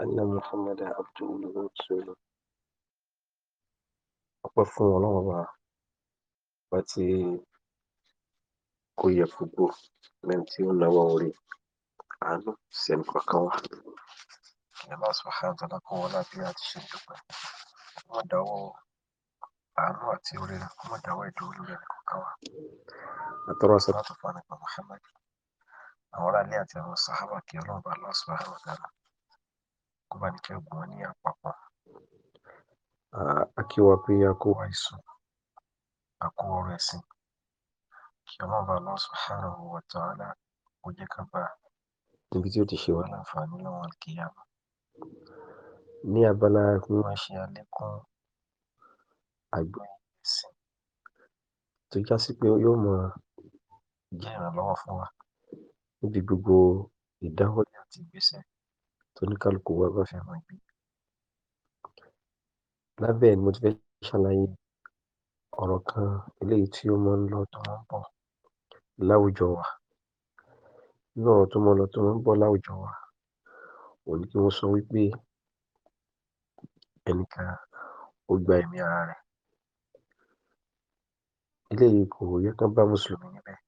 أن محمدا عبده ورسوله أقفون الله باتي كوي يفوقو من تيون نواري عنو سيمكو كوا كما سبحانه وتعالى قولا بيات الشنجوكو ومدعو عنو أتيوري ومدعو يدولو يمكو كوا أترى سبحانه وتعالى محمد أولا لياتي من الصحابة كيولو بالله سبحانه وتعالى kubarikiwa ya papa ah, akiwa pia na kuwa uresi kiomba allah subhanahu ta'ala uje kaba tibiti otishe wa láǹfààní wa kiyama ní abala mímọ ṣe àlékún àgbọ́yé ẹ̀sìn tó já sí pé yóò mọ jẹ́ ìrànlọ́wọ́ fún wa níbi gbogbo àti tóníkálukú wa bá fẹ́ máa gbé. Lábẹ́ ẹ̀ ni mo ti fẹ́ ṣàlàyé ọ̀rọ̀ kan eléyìí tí ó máa ń lọ tó máa ń bọ̀ láwùjọ wa. Nínú ọ̀rọ̀ tó máa ń lọ tó máa ń bọ̀ láwùjọ wa, òun ni kí wọ́n sọ wípé ẹnìkan ó gba ẹ̀mí ara rẹ̀. Eléyìí kò yẹ kán bá Mùsùlùmí níbẹ̀.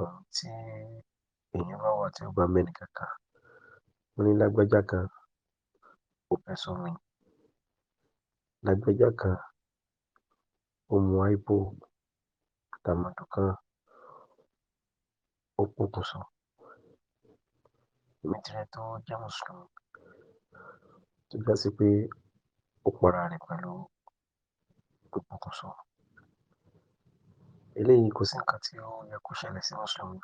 Ọ̀rọ̀ tí èèyàn bá wà tí ó bá mẹ́ni kankan wọn ní lágbájá kan ó fẹ̀sùn mi lágbájá kan ó mu ipo tàmọdù kan ó pokùṣọ èmi tirẹ tó jẹ mùsùlùmí tó já sí pé ó para rẹ̀ pẹ̀lú ìpokùṣọ eléyìí kò sí nǹkan tí ó yẹ kó ṣẹlẹ̀ sí mùsùlùmí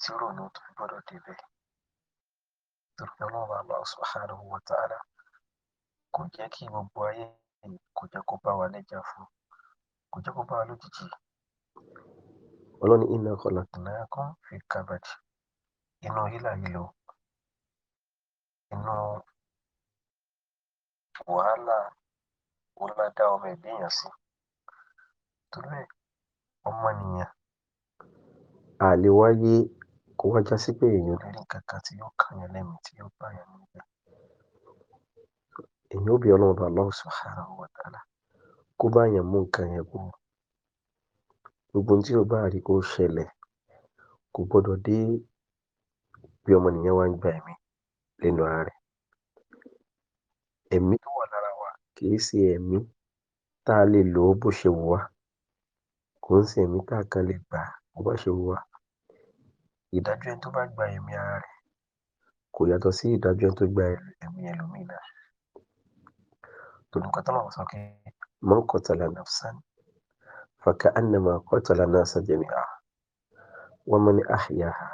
tí irú ọ̀nà tó fi gbọdọ̀ débẹ̀ torí ọlọ́run Allah subhanahu wa ta'ala kò jẹ́ kí gbogbo ayé yìí kò jẹ́ kó bá wa lẹ́jà fún kò jẹ́ kó bá wa lójijì ọlọ́ni iná khalaqnakum fi kabad inú hílà lílo inú wàhálà wọ́lá dá ọmọ ẹ̀bí èèyàn kó wá já sí pé èèyàn rí nǹkan kan tí yóò kàn yàn lẹ́mìí tí yóò bá yàn nígbà. Èèyàn ó bí Ọlọ́run bá Allah subhanahu wa ta'ala kó bá yàn mú nǹkan yẹn kúrò. Gbogbo ohun tí ó bá rí kó ṣẹlẹ̀ kò gbọdọ̀ dé bí ọmọnìyàn wá ń gba ẹ̀mí lẹ́nu ara rẹ̀. Ẹ̀mí tó wà lára wa kì ṣe ẹ̀mí tá a lè lò bó ṣe wù wá, kò ń ṣe ẹ̀mí tá a kàn lè gbà bó bá ṣe wù wá. ìdájọ́ ẹni tó bá gba ẹ̀mí ara rẹ̀ kò yàtọ̀ sí ìdájọ́ ẹni tó gba ẹ̀mí ẹlòmínà tòlùkọ́ tó máa sọ pé man qatala nafsan fakaannama qatala nasa jami'a wa man ahyaha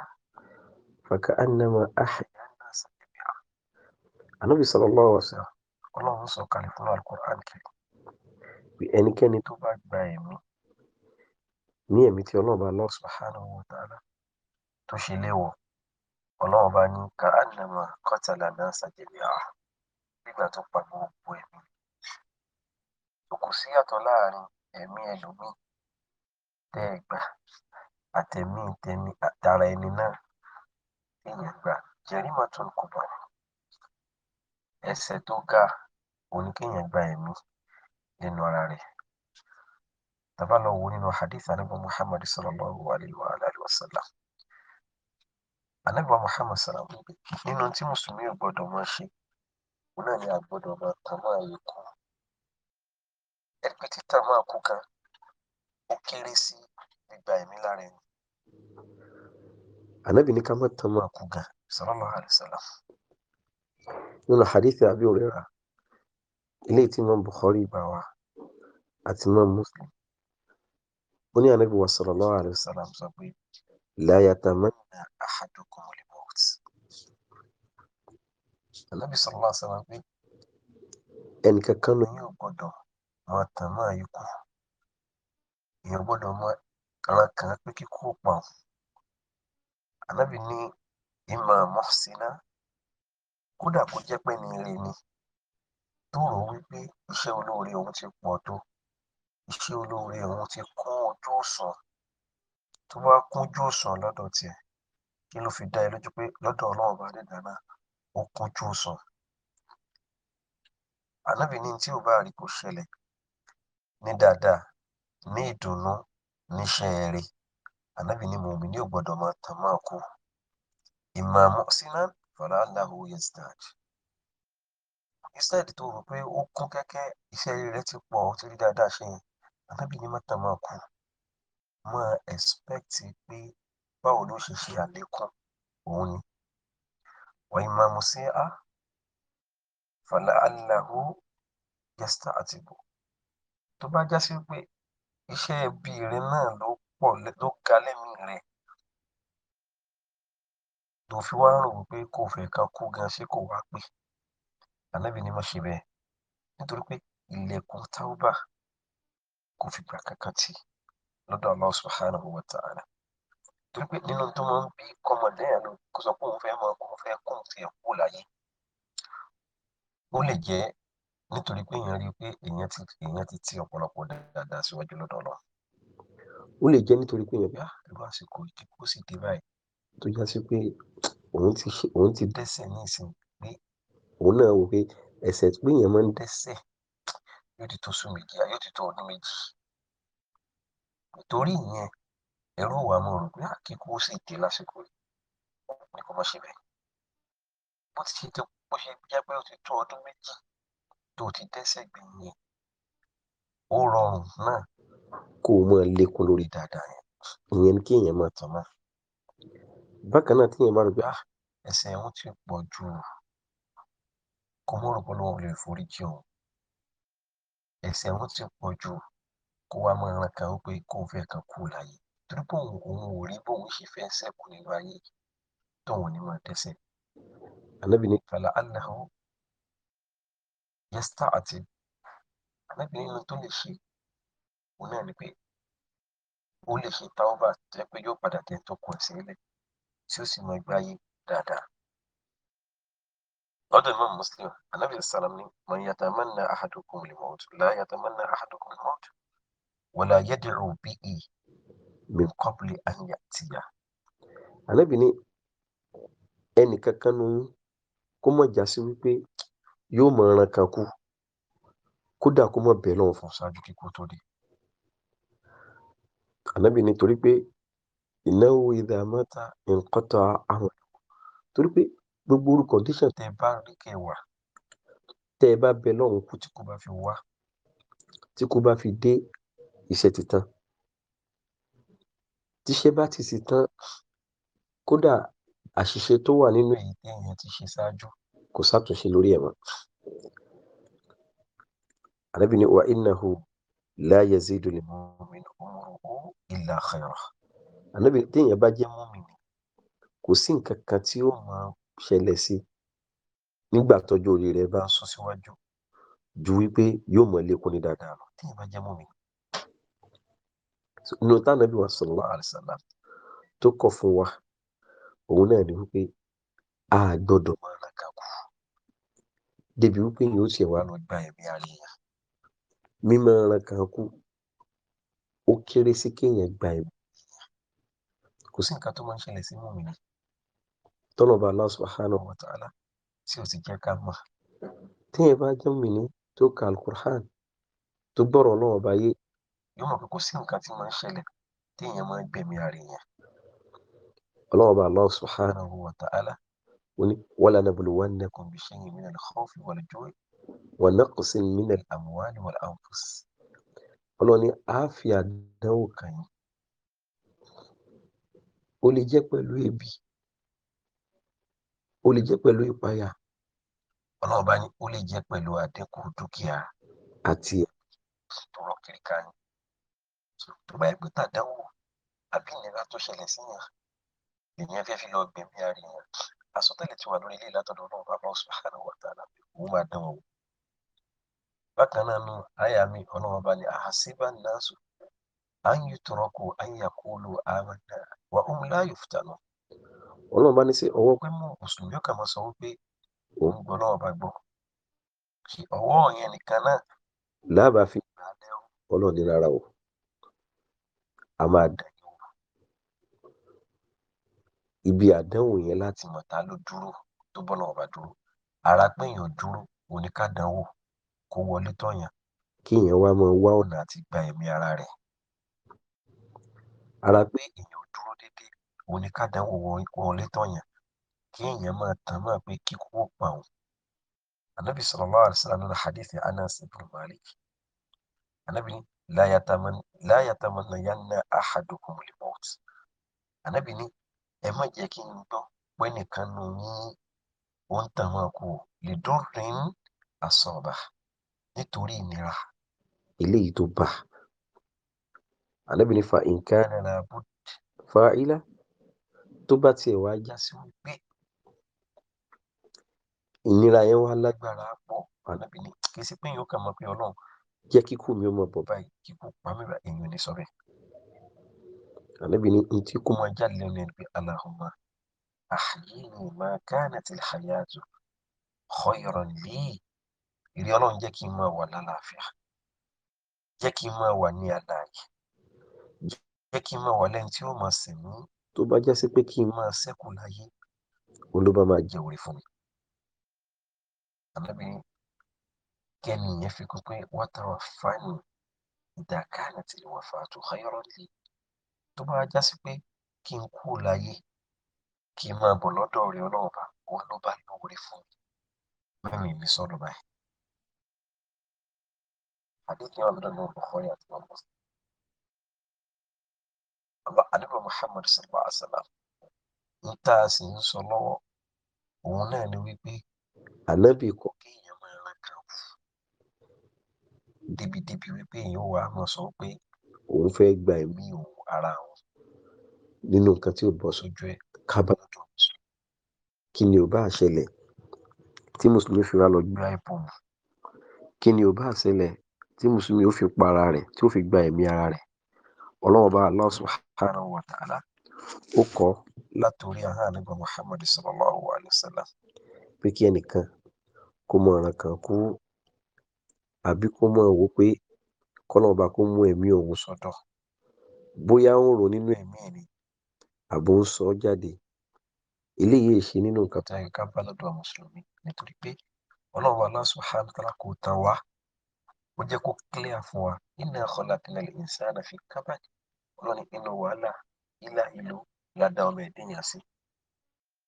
fakaannama ahya nasa jami'a Ànábì sọ̀rọ̀ lọ́wọ́ sọ Ọlọ́run sọ kalẹ̀ fún alukur'an kiri bí ẹnikẹ́ni tó bá gba ẹ̀mí ní ẹ̀mí tí Ọlọ́run bá Allah subhanahu wa ta'ala tó ṣe léwọ̀ ọlọ́run bá ní ká ànàmọ́ kọ́tàlá náà ṣàjẹmí àá nígbà tó pa gbogbo ẹ̀mí tó kù sí yàtọ̀ láàrin ẹ̀mí ẹlòmíì tẹ́ ẹ gbà àtẹ̀mí tẹ̀mí àtara ẹni náà èèyàn gbà jẹ̀rímọ̀ tó ń kó bọ̀ ẹsẹ̀ tó ga òun gba ẹ̀mí nínú ara rẹ̀ tá lọ wo nínú hadith ànábì Muhammad sallallahu alayhi wa alayhi anábìwá Muhammad salam nínú tí mùsùlùmí ò gbọdọ̀ máa ṣe òun náà ni a gbọdọ̀ máa tàn máa yẹ kú ẹgbẹ́ títà máa kú kan ó kéré sí gbígba ẹ̀mí lára ẹni. anábì ní ká má tàn máa kú gan sallallahu alaihi wasallam nínú hadith Abi Hurairah eléyìí tí Imam Bukhari gbà wá àti Imam Muslim ó ní anábì wa sallallahu alaihi sọ pé. لا يتمنى أحدكم الموت النبي صلى الله عليه وسلم ẹnì kankan ló yóò gbọ́dọ̀ máa tàn máa yí kù èèyàn gbọ́dọ̀ máa ran kàn án pé kíkú pa òun anábì ní ìmọ̀ mọ́sínà kódà kó jẹ́ pé ní ire ni tó rò wípé iṣẹ́ olóore òun ti pọ̀ tó iṣẹ́ olóore òun ti kún ojú òsùn tó bá kúnjú òṣùwọ̀n lọ́dọ̀ tiẹ̀ kí ló fi dá ẹ lójú pé lọ́dọ̀ ọlọ́run bá dẹ̀dá náà ó kúnjú òṣùwọ̀n ànábì ní tí ò bá rí kò ṣẹlẹ̀ ní dáadáa ní ìdùnnú níṣẹ́ rẹ̀ ànábì ní mòmí ní máa tàn máa kú mọ expect pé báwo ló ṣe ṣe àlékún òun ni wọ́n máa mú sí a fàlà aláhu gẹ́sítà àti bò tó bá já sí pé iṣẹ́ ẹbí rẹ náà ló pọ̀ ló ga lẹ́mìí rẹ tó fi wá rò wípé kò fẹ́ ká kú gan ṣé kò wá pé ànábì ni mo ṣe bẹ́ẹ̀ nítorí pé ilẹ̀kùn táúbà kò fìgbà kankan tì í lọ́dọ̀ Allah subhanahu wa ta'ala torí pé nínú tó máa ń bí kọmọdéyà ló kó sọ pé òun fẹ́ mọ òun fẹ́ kóun fi ẹ̀kú láyé ó lè jẹ́ nítorí pé èèyàn rí i pé èèyàn ti èèyàn ti ti ọ̀pọ̀lọpọ̀ dáadáa síwájú lọ́dọ̀ lọ ó lè jẹ́ nítorí pé èèyàn bí irú àsìkò ìdíkù sì dé báyìí tó já sí pé òun ti òun ti dẹ́ṣẹ̀ ní ìsìn pé òun náà wò pé ẹ̀ṣẹ̀ pé èèyàn máa ń dẹ́ṣẹ̀ yóò ti tó sùn méjì yóò ti tó ọdún méjì nítorí ìyẹn ẹrú wa mo rò pé àkíkú ah, ó sì dé lásìkò yìí ni kò mọ̀ ṣe bẹ́ẹ̀ bó ti ṣe tó bó ṣe jẹ́ pé ó ti tó ọdún méjì tó ti dẹ́ṣẹ̀ gbẹ̀yìn ó rọrùn náà kó o máa lékún lórí dáadáa yẹn ìyẹn ni kí èèyàn máa tàn máa bákan náà tíyẹn bá rò pé ah, ẹ̀ṣẹ̀ òun ti pọ̀ jù kó mọ̀ rò lè forí jì òun ẹ̀ṣẹ̀ ti pọ̀ jù kó wá máa ran kan pé kóun fẹ́ kan kú láyé torí pé òun ò rí bóun ṣe fẹ́ sẹ́kù nínú ayé tóun ní máa dẹ́sẹ̀. Ànábì ní fàlà ànáhó yẹ́sítà àti ànábì nínú tó lè ṣe òun náà ni pé ó lè ṣe táwọ́bà tó yẹ pé yóò padà tẹ̀ tó kù ẹ̀sìn ilẹ̀ tí ó sì máa gbé ayé dáadáa. قد الإمام مسلم النبي صلى الله عليه وسلم من يتمنى أحدكم الموت لا يتمنى أحدكم الموت wala yad'u bihi min qabli an ya'tiya. ànábì ní ẹnìkankan nínú kó mọ̀ já sí wípé yóò mọ̀ ẹran kan kú kódà kó mọ̀ bẹ́ẹ̀ lọ́wọ́ fún ṣáájú kíkó tó dé. ànábì ní torí pé ìnáwó idha mata inqata àwọn torí pé gbogbo orú condition tẹ bá rí kẹwàá tẹ bá bẹ lọ́hùn kú tí kò bá fi wá tí kò bá fi dé iṣẹ́ ti tán tíṣẹ́ bá ti sì tán kódà àṣìṣe tó wà nínú èyí tí èèyàn ti ṣe ṣáájú kò sátúnṣe lórí ẹ̀ mọ́ ànábì ní wa innahu la yazidu lil mu'min umruhu illa khaira ànábì téèyàn bá jẹ́ mu'min kò sí nǹkan kan tí ó máa ṣẹlẹ̀ sí nígbà tọ́jọ́ orí rẹ̀ bá ń sún síwájú ju wípé yóò mọ̀ lékún ní dáadáa lọ téèyàn bá jẹ́ mu'min inú tá nàbí wa sallallahu alaihi wasallam tó kọ̀ fún wa òun náà ni wípé a gbọ́dọ̀ máa ra kàkú débi wípé yóò ṣe wà lọ gba ẹ̀mí àríyàn mímọ ra kàkú ó kéré sí kéèyàn gba ẹ̀mí kò sí nǹkan tó máa ń ṣẹlẹ̀ sí mọ̀mìnà tọ́lọ̀bà Allah subhanahu wa ta'ala tí ó ti jẹ́ ká mọ̀ téèyàn bá jẹ́ mọ̀mìnà tó ka alukur'an tó gbọ́rọ̀ ọlọ́wọ́ bá yé yóò mọ̀ pé kò sí nǹkan tí máa ń ṣẹlẹ̀ tí èèyàn máa ń gbẹ̀mí ara èèyàn. ọlọ́run bá Allah subhanahu wa ta'ala ó ní wala nabluwannakum bi shay'in min al-khawfi wal-ju'i wa naqsin min al-amwali wal-anfus. ọlọ́run ní a àdánwò kàn ó lè jẹ́ pẹ̀lú ebi ó lè jẹ́ pẹ̀lú ìpayà ọlọ́run bá ní ó lè jẹ́ pẹ̀lú àdínkù dúkìá àti ẹ̀ tó bá ta pé tàdánwò àbí ìnira tó ṣẹlẹ̀ síyàn èèyàn fẹ́ fi lọ gbẹ̀mí ara èèyàn àsọtẹ́lẹ̀ tí wà lórí ilé látọ̀dọ̀ náà bá bọ́ subhanahu òun máa dán bákan náà nù àyà mi nasu an yutraku an yaqulu amanna wa hum ọkà máa sọ wípé òun gbọ́ náà bá gbọ́. ọwọ́ yẹn nìkan náà lábàá fi a máa dàjọ ibi àdánwò yẹn láti mọ̀ ta ló dúró tó bọ́ lọ́wọ́ bá dúró ara pé èèyàn dúró òní ká dánwò kó wọlé tọ̀yàn kí èèyàn wá máa wá ọ̀nà àti gba ẹ̀mí ara rẹ̀ ara pé èèyàn dúró déédéé òní wọlé tọ̀yàn kí èèyàn máa tàn máa pé kíkú ó pa òun anabi sallallahu alaihi wasallam nínú hadithi anas ibn malik anabi láyàtàmọ́nà yánná na lèmọ́t ànábì ní ẹ má jẹ́ kí n gbọ́ pé nìkan nù yín ó ń tàn máa kú lè dúnrin àsọ̀ọ̀bà nítorí ìnira eléyìí tó bá ànábì ní fa nǹkan rẹ̀ fa ilá tó bá tiẹ̀ wá já sí wípé ìnira yẹn wá lágbára pọ̀ ànábì ní kí sí pé yóò kàn mọ́ pé ọlọ́run jẹ́ kíkú mi ó mọ̀ bọ̀ báyìí kíkú pa mí bá èèyàn ní sọ́rẹ́ ànábì ní n tí kò máa jáde lẹ́nu ẹni pé Allahumma ahyini ma kanatil hayatu khayran li ìrí ọlọ́run jẹ́ kí n máa wà lálàáfíà jẹ́ kí n máa wà ní àlàyé jẹ́ kí n máa wà lẹ́yìn tí ó máa sìn mí tó bá jẹ́ sí pé kí n máa ṣẹ́kù láyé olóbá máa jẹ fún mi. ànábì kẹ́ni yẹn fi kún pé wọ́n tọrọ fani ìdàkánà tí wọ́n fa tó xayọ́rọ́ lé tó bá já sí pé kí n kú láyé kí n máa bọ̀ lọ́dọ̀ rẹ ọlọ́run bá òun ló bá lóore fún mi mẹ́mi mi sọ̀rọ̀ báyìí. حديثنا من النور البخاري وأمام مسلم الله عليه محمد صلى الله عليه وسلم níta ń sọ lọ́wọ́ òun náà ni wípé ànábì kò débi-débi wípé èèyàn wà á mọ̀ sọ pé òun fẹ́ gba ẹ̀mí òun ara òun nínú nǹkan tí ò bọ́ sójú ẹ̀ kábàlà tó ń sọ kí ni ò bá ṣẹlẹ̀ tí mùsùlùmí fi ra lọ gbé àìpọ̀mù kí ni ò bá ṣẹlẹ̀ tí mùsùlùmí ó fi pa ara rẹ̀ tí ó fi gba ẹ̀mí ara rẹ̀ ọlọ́wọ́n bá Allah subhanahu wa ta'ala ó kọ́ látòrí ahọ́n àdúgbò Muhammad sallallahu alayhi pé kí ẹnìkan kó mọ ọ̀ràn kan kú àbí kó mọ̀ wò pé kọ́lọ́run ọba kó mú ẹ̀mí òun sọ́dọ̀ bóyá ó ń rò nínú ẹ̀mí ẹ̀ ni àbò ń sọ ọ́ jáde eléyìí ṣe nínú nǹkan tó yẹ ká bá lọ́dọ̀ mùsùlùmí nítorí pé ọlọ́run wa Allah subhanahu wa ta'ala kò tà wá ó jẹ́ kó clear fún wa inna khalaqnal insana fi kabad ọlọ́run inú wàhálà ilá ìlú ládà ọmọ ẹ̀dẹ́yàn sí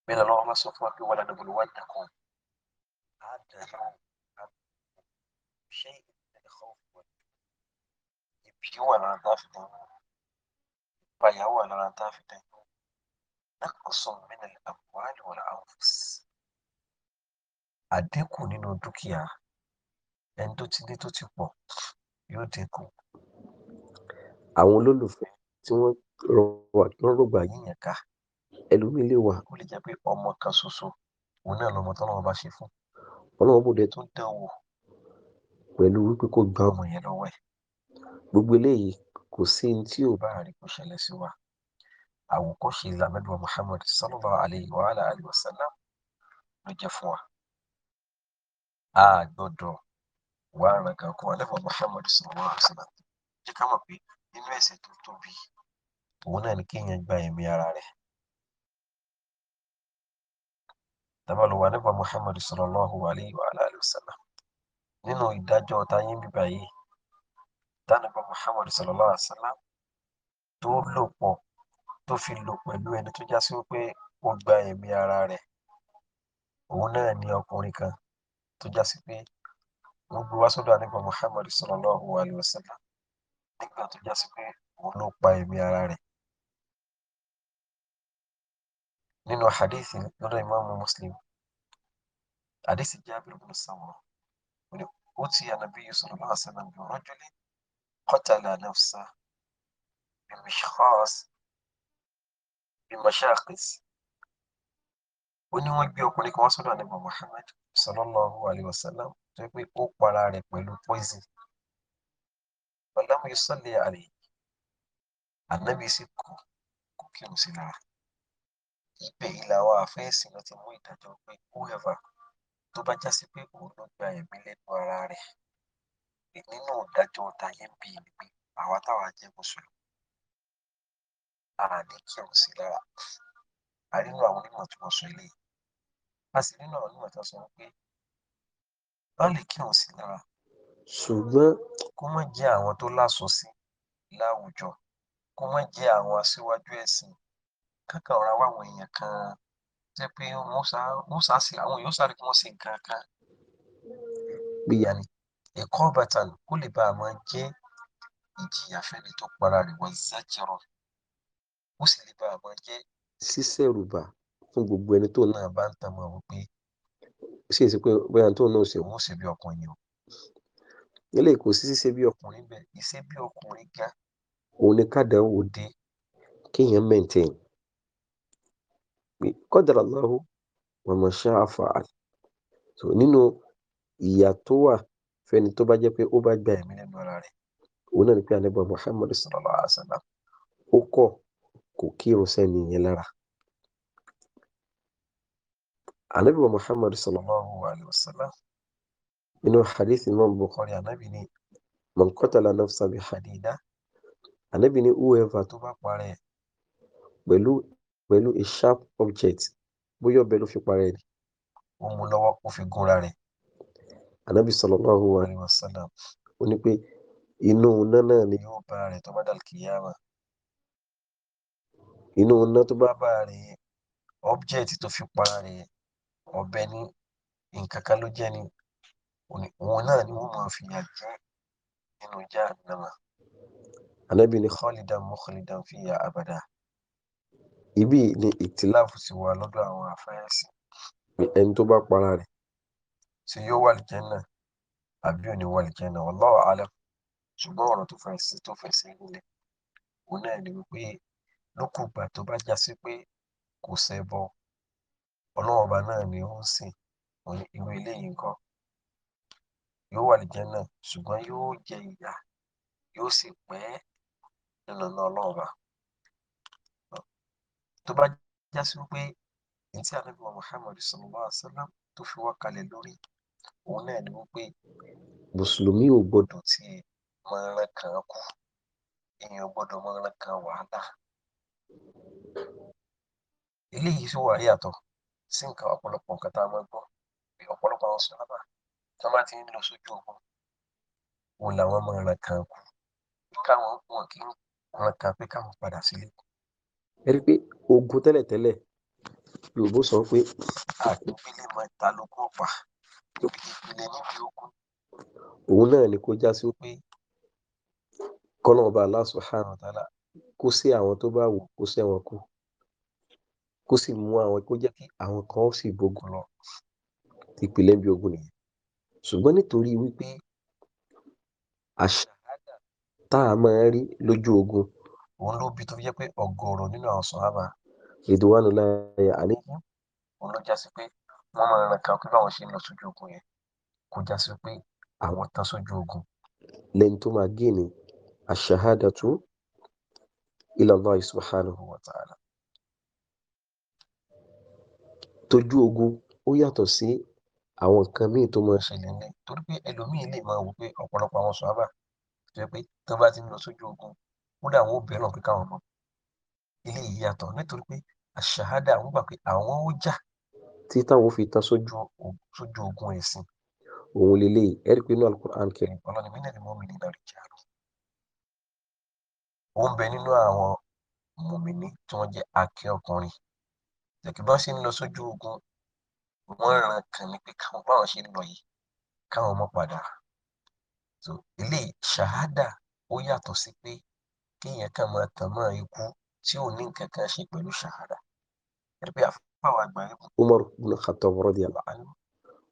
bẹ́ẹ̀ lọ́wọ́ máa sọ fún wa pé wàhálà dọ̀bọ̀lù wà dàkún á dàrú شيء من الخوف يبكي ولا نضاف بايا ولا نضاف نقص من الأموال والأنفس àdínkù nínú dúkìá ẹni tó ti ní tó ti pọ̀ yóò dínkù. àwọn olólùfẹ́ tí wọ́n rọgbà yíyàn ká ẹlòmíín lè wà ó lè jẹ́ pé ọmọ kan ṣoṣo òun náà lọmọ tọ́lọ́wọ́ ṣe fún ọlọ́wọ́ tó ń dán wò pẹ̀lú wípé kó gba ọmọ yẹn lọ́wọ́ ẹ̀ gbogbo eléyìí kò sí ní tí ò bá rí kò ṣẹlẹ̀ sí wa àwòkọ́ṣe ìlànàbí wa Muhammad sallallahu alayhi wa alayhi wa sallam ló jẹ́ fún wa a gbọ́dọ̀ wà rankan kún alẹ́fọ̀ Muhammad sallallahu alayhi wa sallam jẹ́ ká mọ̀ pé nínú ẹ̀ṣẹ̀ tó tóbi òun náà ni kéèyàn gba ẹ̀mí ara rẹ̀ tábàlù wà nípa Muhammad sallallahu alayhi wa alayhi wa sallam nínú ìdájọ́ tayé ń bíbá yìí tánàbà Muhammad sallallahu alaihi wasallam tó lò pọ̀ tó fi lò pẹ̀lú ẹni tó já sí wípé ó gba ẹ̀mí ara rẹ̀ òun náà ni ọkùnrin kan tó já sí pé wọ́n gbé wá sọ́dọ̀ àníbà Muhammad sallallahu alaihi wasallam nígbà tó já sí pé òun ló pa ẹ̀mí ara rẹ̀ nínú hadithi lọ́dọ̀ Imam Muslim hadithi Jabir bin Samurah. أوتي النبي صلى الله عليه وسلم برجل قتل نفسه بمشخاص بمشاقص ó ní wọ́n gbé ọkùnrin kan wá sọ́dọ̀ ànábì Muhammad sallallahu alayhi wa sallam tó yẹ pé ó para rẹ̀ pẹ̀lú poison ọ̀làmú yusalli alayhi ànábì sì kú kò kírun sí lára ibẹ̀ ìlà wa àfẹ́sìn ló ti mú ìdájọ́ pé whoever tó bá já sí pé òun ló gba ẹ̀mí lẹ́nu ara rẹ̀ èmi náà dájọ́ tayé ń bí mi pé àwa táwa jẹ́ mùsùlùmí àní kírun sí lára a rí nínú àwọn onímọ̀ tí wọ́n sọ eléyìí a sì nínú àwọn onímọ̀ tí wọ́n sọ wípé wọ́n lè kírun sí lára ṣùgbọ́n kó má jẹ́ àwọn tó láṣọ sí láwùjọ kó má jẹ́ àwọn aṣíwájú ẹ̀sìn kankan àwọn èèyàn kan jẹ́ pé wọ́n sá wọ́n sá sí àwọn èèyàn sáré kí wọ́n ṣe nǹkan kan gbéyà ni ẹ̀kọ́ bàtà kó lè bá a máa jẹ́ ìjìyà fẹ́ni tó para rẹ̀ wọ́n zájẹrọ ó sì lè bá a máa jẹ́ sísẹ̀rùbà fún gbogbo ẹni tó náà bá ń tàn mọ́ àwọn pé ṣe é sí pé bóyá tó náà ṣe wọ́n ṣe bí ọkùnrin o nílé kò sí ṣíṣe bí ọkùnrin bẹ́ẹ̀ ìṣe bí ọkùnrin ga òun ni kádàá òde kéèyàn maintain pé qadrallahu wa ma sha'a fa'al so nínú ìyà tó wà fẹ́ni tó bá jẹ́ pé ó bá gba ẹ̀mí nínú ara rẹ̀ òun náà ni pé ànábì Muhammad sallallahu alaihi wasallam ó kọ̀ kò kírun sẹ́ni yẹn lára ànábì Muhammad sallallahu alaihi wasallam nínú hadith imam Bukhari ànábì ni man qatala nafsan bi ànábì ni whoever tó bá parẹ́ pẹ̀lú pẹ̀lú a sharp object bóyá ọ̀bẹ ló fi para ẹ̀ ó mú lọ́wọ́ ó fi gúnra rẹ̀ anabi sallallahu alayhi wa sallam ó ní pé inú iná náà ni yóò bá rẹ̀ tó bá dàlkìyàmà inú iná tó bá bá rẹ̀ object tó fi para rẹ̀ ọ̀bẹ ní nǹkan kan ló jẹ́ ni òun náà ni wọ́n máa fi yà jẹ́ nínú jahannama anabi ni khalidan mukhlidan fiya abada ibi ni ìtìláàfù sì wà lọ́dọ̀ àwọn àfẹ́yẹ̀sìn pé ẹni tó bá para rẹ̀ ṣé yóò wà lìjẹ́ náà àbí ò ní wà lìjẹ́ náà wallahu alam ṣùgbọ́n ọ̀rọ̀ tó fẹ́ sí tó fẹ́ sí nílẹ̀ òun náà ni wípé lókùgbà tó bá já sí pé kò ṣẹbọ ọlọ́wọ́ba náà ni ó ń sìn òun irú eléyìí nǹkan yóò wà lìjẹ́ náà ṣùgbọ́n yóò jẹ ìyà yóò sì pẹ́ nínú náà ọlọ́wọ́ba tó bá já sí wípé ní tí ànábì wa Muhammad sallallahu alaihi wa sallam tó fi wá kalẹ̀ lórí òun náà ni wípé mùsùlùmí ò gbọdọ̀ ti mọ̀ọ́rán kan kù èèyàn gbọdọ̀ mọ̀ọ́rán kan wàhálà eléyìí tó wà rí àtọ̀ sí nǹkan ọ̀pọ̀lọpọ̀ nǹkan tá a máa gbọ́ ọ̀pọ̀lọpọ̀ àwọn sọ̀rọ̀ tó bá ti ń lọ sójú ogun òun làwọn mọ̀ọ́rán kan kù káwọn wọn kì í mọ̀ọ́rán kan pé káwọn padà sílé kù ẹ rí i pé ogun tẹ́lẹ̀tẹ́lẹ̀ Yorùbá sọ pé àpèpele mọ ta ló kó pa lóbi ìpele níbi ogun òun náà ni kó já sí pé kọ́nà ọba Allah subhanahu wa ta'ala kó sí àwọn tó bá wù kó sí àwọn kú kó sì mú àwọn kó jẹ́ kí àwọn kan ó sì bógun lọ ìpìlẹ̀ ń ogun nìyẹn ṣùgbọ́n nítorí wípé àṣà tá a máa ń rí lójú ogun òun ló bí tó fi jẹ́ pé ọ̀gọ̀ọ̀rọ̀ nínú àwọn sọ̀hábà ìdúwánu láàyè àlékún òun ló jásí pé wọ́n máa ran kan pé báwọn ṣe ń lọ sójú ogun yẹn kò jásí pé àwọn tán sójú ogun. lẹ́yìn tó máa gé ni aṣahadatu ila Allah subhanahu wa ta'ala. tójú ogun ó yàtọ̀ sí àwọn nǹkan míì tó máa ṣẹlẹ̀ ní torí pé ẹlòmíín lè máa wò pé ọ̀pọ̀lọpọ̀ àwọn sọ̀hábà tó yẹ pé tó bá ti ń lọ sójú ogun kódà àwọn obìnrin náà pé káwọn mọ̀ ilé yìí yàtọ̀ nítorí pé àṣàhádà àwọn gbà pé àwọn ó jà tí táwọn fi tán sójú sójú ogun ẹ̀sìn òun lélẹ̀ ẹ̀rí pé inú alukur'an kẹrin ọlọ́ni mí nàní mọ́mí nínú àríjà rẹ̀ ó ń bẹ nínú àwọn mùmíní tí wọ́n jẹ́ akẹ́ ọkùnrin jẹ́kí bá ṣe ń lọ sójú ogun wọ́n ràn kàn ní pé káwọn báwọn ṣe ń lọ yìí káwọn mọ́ padà eléyìí ṣàhádà ó yàtọ̀ sí pé kéèyàn kàn máa tàn mọ́ ikú tí ò ní nǹkan kan ṣe pẹ̀lú ṣàhádà ẹni pé àfọwọ́ àgbà ibùdó. Umar ibn Khattab radiyallahu anhu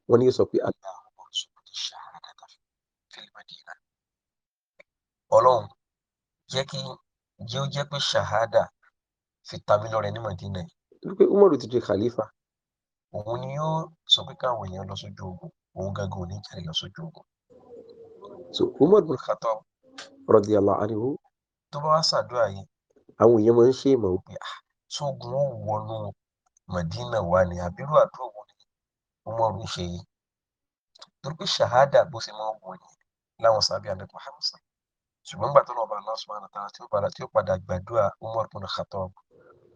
wọn ní sọ pé aláwọ sọkòtò ṣàhádà tàbí fílímàdínà Ọlọ́run jẹ́ kí jẹ́ ó jẹ́ pé ṣàhádà fi ta mí lọ́rẹ ní Màdínà yìí. wípé Umar ti di khalifa. òun ni yóò sọ pé káwọn èèyàn lọ sójú ogun òun gangan ò ní jẹ́rìí lọ sójú ogun. so Umar ibn Khattab radiyallahu tó bá wá ṣàdúrà yẹn àwọn èèyàn máa ń ṣe ìmọ̀ pé sógun ah, ó wọnú Mọ̀dínà wà ní àbírú àdúrà wọn ni wọ́n mọ̀ ń ṣe yìí torí pé ṣàhádà bó ṣe máa ń wọ̀ yẹn láwọn sábẹ́ àdé Muhammad ṣùgbọ́n gbà tó náà bá Allah subhanahu wa ta'ala tí ó padà tí ó padà gbàdúrà Umar bin Khattab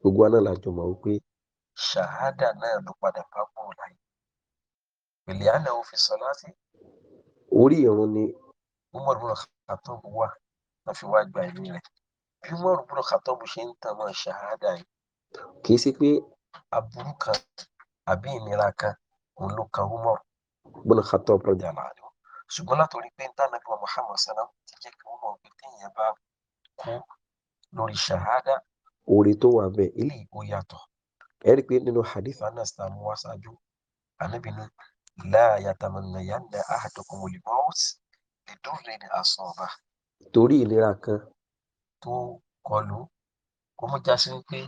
gbogbo àná làjọ mọ̀ wípé ṣàhádà náà ló padà bá kú láyé pèlè àná òfin sọ láti. orí ìrún ni. Umar bin Khattab wà wọ́n fi wá gba ẹ̀mí rẹ̀ bí mọ́rù gbọ́dọ̀ kàtọ́ bó ṣe ń tàn mọ́ ṣàhádà yìí kì í ṣe pé aburú kan àbí ìnira kan òun ló kan Umar gbọ́dọ̀ kàtọ́ bọ́dọ̀ àlá rẹ̀ ṣùgbọ́n látọ̀rí pé níta nàbí wọn Muhammad salam ti jẹ́ kí wọ́n mọ̀ pé téèyàn bá kú lórí ṣàhádà oore tó wà bẹ́ẹ̀ eléyìí ó yàtọ̀ ẹ rí i pé nínú hadith Anas tá a mú wá ṣáájú ànábì ní la torí ìlera kan tó kọlù ú kó má já sí pé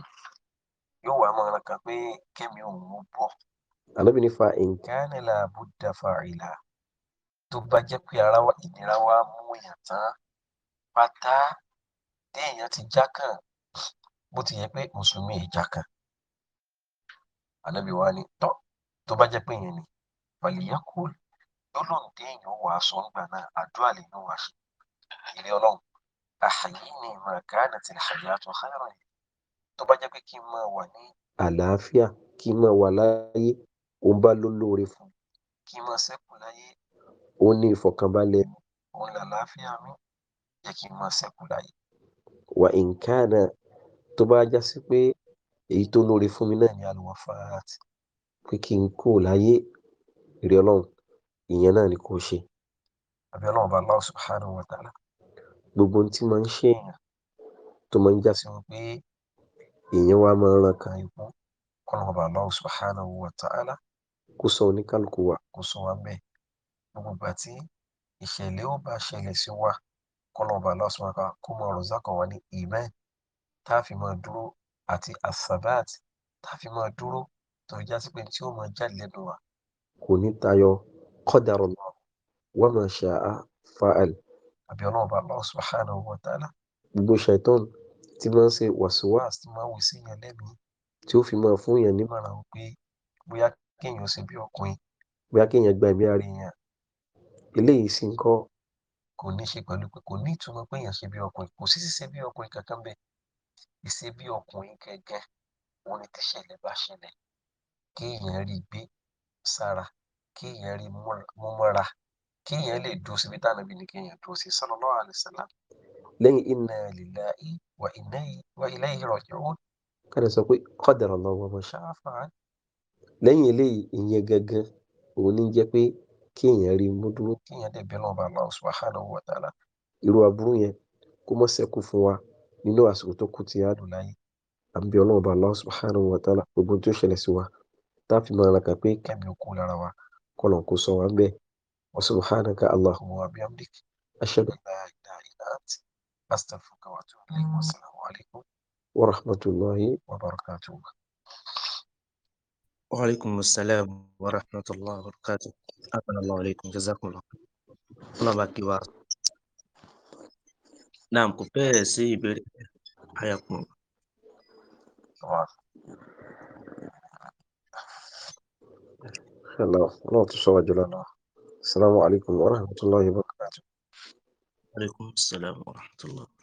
yóò wá máa rankan pé kẹ́mi òun ó bọ̀. àlọ́ mi fa nǹkan nílà buddha fàrìlà tó bá jẹ́ pé ara wa ìnira wa mú èèyàn tán pátá téèyàn ti já kàn bó ti yẹ pé mùsùlùmí ìjà kan ànábì wa ni tọ́ tó bá jẹ́ pé yẹn ni fàlìyàkùn yóò lóun téèyàn wàá sọ ńgbà náà àdúrà lè ní wàá ṣe ilé ọlọ́run àhàyíní màkàánà tí àyà tó háyọ̀rọ̀ yìí tó bá jẹ́ pé kí n máa wà ní àlàáfíà kí n máa wà láyé òun bá ló lóore fún mi kí n máa ṣẹ́kù láyé òun ní ìfọ̀kànbalẹ̀ mi òun làlàáfíà mi jẹ́ kí n máa ṣẹ́kù láyé. wà nǹkan tó bá já èyí tó lóore fún mi náà ni àlùwà pé kí n kú láyé ìrẹ́ ọlọ́run ìyẹn náà ni kò ṣe. àbí ọlọ́run bá Allah subhanahu wa ta'ala gbogbo ohun tí máa ń ṣèèyàn tó máa ń já sí wọn pé èèyàn wa máa ran kan ikú kọ́nà ọba Allah subhanahu wa ta'ala kó sọ oníkálukú wa kó sọ wa mẹ́ẹ̀ gbogbo ìgbà tí ìṣẹ̀lẹ̀ ó bá ṣẹlẹ̀ sí wa kọ́nà ọba Allah subhanahu kó mọ ọ̀rọ̀ zákọ̀ wa ní ìmẹ́ tá a fi máa dúró àti asabat tá a fi máa dúró tó já sí pé tí ó máa jáde lẹ́nu wa kò ní tayọ qadarullah wa ma sha'a fa'al àbí ọlọ́run bá Allah subhanahu wa ta'ala. gbogbo ṣàìtàn tí máa ń ṣe wàsíwàs tí máa ń wí sí yẹn lẹ́mìí tí ó fi máa fún yẹn nímọ̀ràn wípé bóyá kéèyàn ṣe bí ọkùnrin bóyá kéèyàn gba ẹ̀mí ara èèyàn eléyìí sì ń kọ́ kò ní ṣe pẹ̀lú pé kò ní ìtumọ̀ pé èèyàn ṣe bí ọkùnrin kò sí ṣíṣe bí ọkùnrin kankan bẹ́ẹ̀ ìṣe bí ọkùnrin gẹ́gẹ́ wọn ni tíṣẹ̀lẹ̀ bá ṣẹlẹ̀ kéèyàn rí gbé sára kéèyàn rí mọ́ra kíyàn lè dúró síbi tá ànábì ní kíyàn dúró sí sallallahu alaihi wasallam lẹ́yìn inna lillahi wa inna ilayhi raji'un kàdé sọ pé qadara Allahu wa ma sha'a fa'al lẹ́yìn eléyìí ìyẹn gangan òun ní jẹ́ pé kéèyàn rí mú dúró kéèyàn dẹ̀ bẹ́ẹ̀ náà bá Allah subhanahu wa ta'ala irú aburú yẹn kó mọ́ ṣẹ́kù fún wa nínú àsìkò tó kù ti àdùn láyé à ọlọ́run bá a fi máa ra kà pé kẹ́mi وسبحانك اللهم وبحمدك أشهد أن لا إله إلا أنت أستغفرك وأتوب إليك والسلام عليكم ورحمة الله وبركاته وعليكم السلام ورحمة الله وبركاته أمن الله عليكم جزاكم الله الله معك يبارك نعم كبير سي حياكم الله الله لا تسوى جلاله السلام عليكم ورحمة الله وبركاته. وعليكم السلام ورحمة الله.